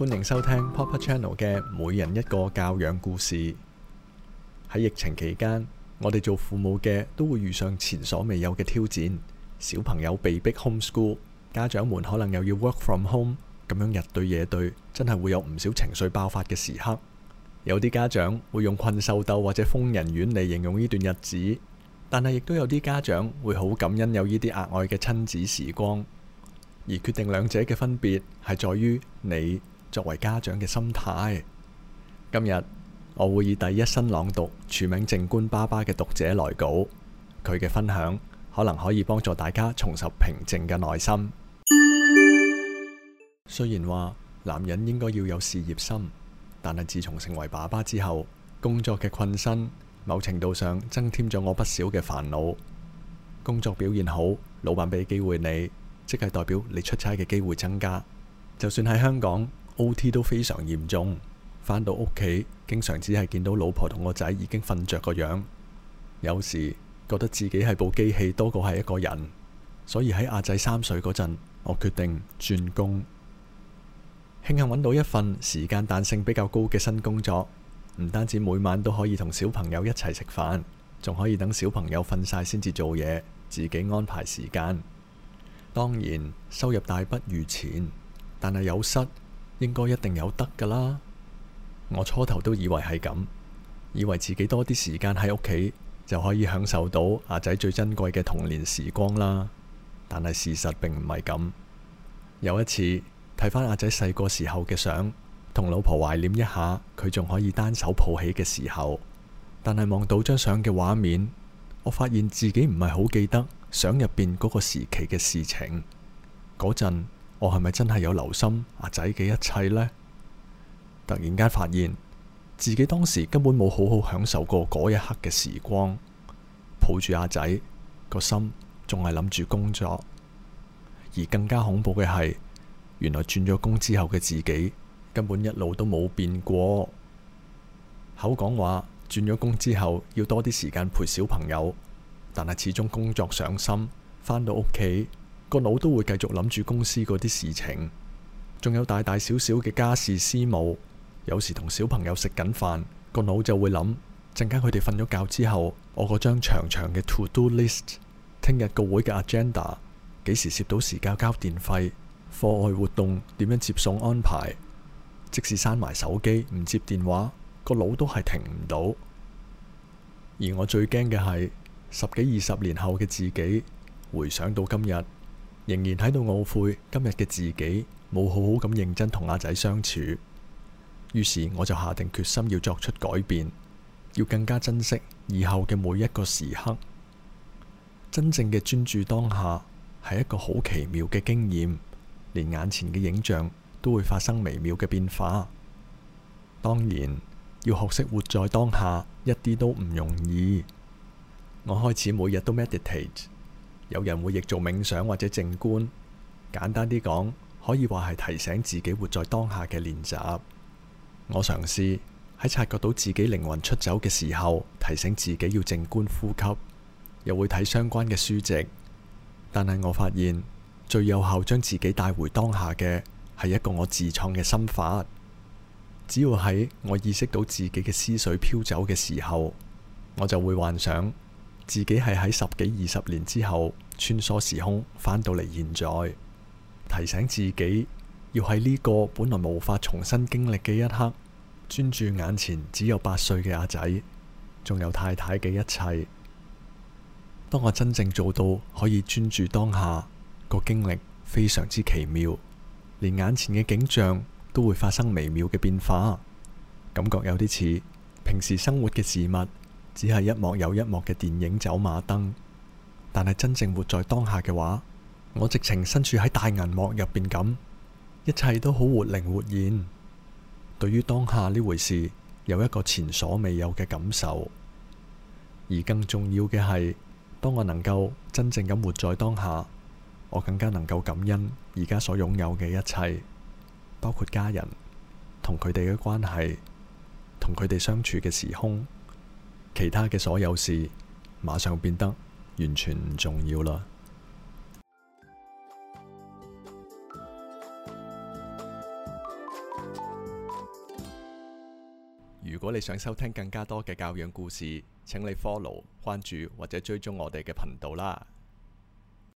歡迎收聽 POPA Channel 嘅《每人一個教養故事》。喺疫情期間，我哋做父母嘅都會遇上前所未有嘅挑戰。小朋友被逼 homeschool，家長們可能又要 work from home，咁樣日對夜對，真係會有唔少情緒爆發嘅時刻。有啲家長會用困獸鬥或者瘋人院嚟形容呢段日子，但係亦都有啲家長會好感恩有呢啲額外嘅親子時光。而決定兩者嘅分別係在於你。作為家長嘅心態，今日我會以第一身朗讀署名正官爸爸嘅讀者來稿，佢嘅分享可能可以幫助大家重拾平靜嘅內心。 雖然話男人應該要有事業心，但係自從成為爸爸之後，工作嘅困身，某程度上增添咗我不少嘅煩惱。工作表現好，老闆俾機會你，即係代表你出差嘅機會增加。就算喺香港。O.T. 都非常嚴重，返到屋企經常只係見到老婆同個仔已經瞓着個樣。有時覺得自己係部機器多過係一個人，所以喺阿仔三歲嗰陣，我決定轉工。慶幸揾到一份時間彈性比較高嘅新工作，唔單止每晚都可以同小朋友一齊食飯，仲可以等小朋友瞓晒先至做嘢，自己安排時間。當然收入大不如前，但係有失。應該一定有得㗎啦，我初頭都以為係咁，以為自己多啲時間喺屋企就可以享受到阿仔最珍貴嘅童年時光啦。但係事實並唔係咁。有一次睇返阿仔細個時候嘅相，同老婆懷念一下佢仲可以單手抱起嘅時候，但係望到張相嘅畫面，我發現自己唔係好記得相入邊嗰個時期嘅事情嗰陣，我係咪真係有留心阿仔嘅一切呢？突然間發現自己當時根本冇好好享受過嗰一刻嘅時光，抱住阿仔個心仲係諗住工作，而更加恐怖嘅係，原來轉咗工之後嘅自己根本一路都冇變過。口講話轉咗工之後要多啲時間陪小朋友，但係始終工作上心，返到屋企。個腦都會繼續諗住公司嗰啲事情，仲有大大小小嘅家事私務。有時同小朋友食緊飯，個腦就會諗：陣間佢哋瞓咗覺之後，我嗰張長長嘅 to do list，聽日個會嘅 agenda，幾時攝到時間交電費？課外活動點樣接送安排？即使閂埋手機唔接電話，個腦都係停唔到。而我最驚嘅係，十幾二十年後嘅自己，回想到今日。仍然喺度懊悔今日嘅自己冇好好咁認真同阿仔相處，於是我就下定決心要作出改變，要更加珍惜以後嘅每一個時刻。真正嘅專注當下，係一個好奇妙嘅經驗，連眼前嘅影像都會發生微妙嘅變化。當然，要學識活在當下，一啲都唔容易。我開始每日都 meditate。有人會譯做冥想或者靜觀，簡單啲講，可以話係提醒自己活在當下嘅練習。我嘗試喺察覺到自己靈魂出走嘅時候，提醒自己要靜觀呼吸，又會睇相關嘅書籍。但係我發現最有效將自己帶回當下嘅係一個我自創嘅心法。只要喺我意識到自己嘅思緒飄走嘅時候，我就會幻想。自己係喺十幾二十年之後穿梭時空翻到嚟現在，提醒自己要喺呢個本來無法重新經歷嘅一刻，專注眼前只有八歲嘅阿仔，仲有太太嘅一切。當我真正做到可以專注當下，個經歷非常之奇妙，連眼前嘅景象都會發生微妙嘅變化，感覺有啲似平時生活嘅事物。只係一幕又一幕嘅電影走馬燈，但係真正活在當下嘅話，我直情身處喺大銀幕入邊咁，一切都好活靈活現。對於當下呢回事，有一個前所未有嘅感受。而更重要嘅係，當我能夠真正咁活在當下，我更加能夠感恩而家所擁有嘅一切，包括家人同佢哋嘅關係，同佢哋相處嘅時空。其他嘅所有事，馬上變得完全唔重要啦。如果你想收聽更加多嘅教養故事，請你 follow、關注或者追蹤我哋嘅頻道啦。